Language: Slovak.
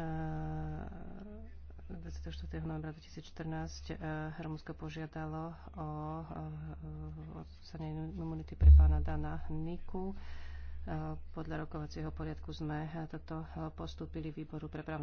24. Ehm, novembra 2014 ehm, Rumúnsko požiadalo o ehm, odstranenie imunity pre pána Dana Niku. Podľa rokovacieho poriadku sme toto postúpili výboru pre právne